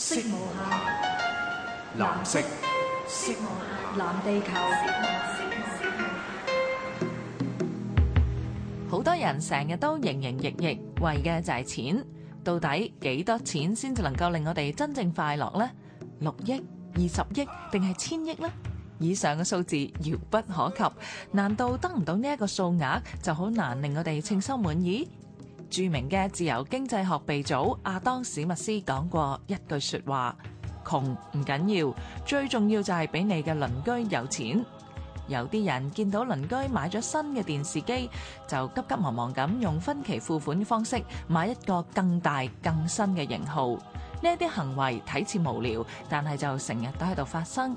色無暇，藍色。色無暇，藍地球。好多人成日都營營役役，為嘅就係錢。到底幾多錢先至能夠令我哋真正快樂呢？六億、二十億，定係千億呢？以上嘅數字遙不可及，難道得唔到呢一個數額就好難令我哋稱心滿意？著名嘅自由經濟學鼻祖亞當史密斯講過一句説話：窮唔緊要，最重要就係俾你嘅鄰居有錢。有啲人見到鄰居買咗新嘅電視機，就急急忙忙咁用分期付款嘅方式買一個更大、更新嘅型號。呢一啲行為睇似無聊，但係就成日都喺度發生。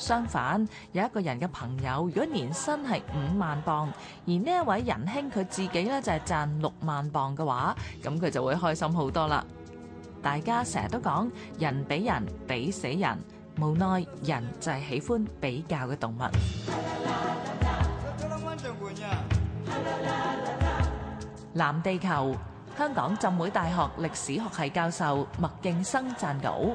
相反，有一個人嘅朋友，如果年薪係五萬鎊，而呢一位仁兄佢自己咧就係賺六萬鎊嘅話，咁佢就會開心好多啦。大家成日都講人比人比死人，無奈人就係喜歡比較嘅動物。藍地球，香港浸會大學歷史學系教授麥勁生撰稿。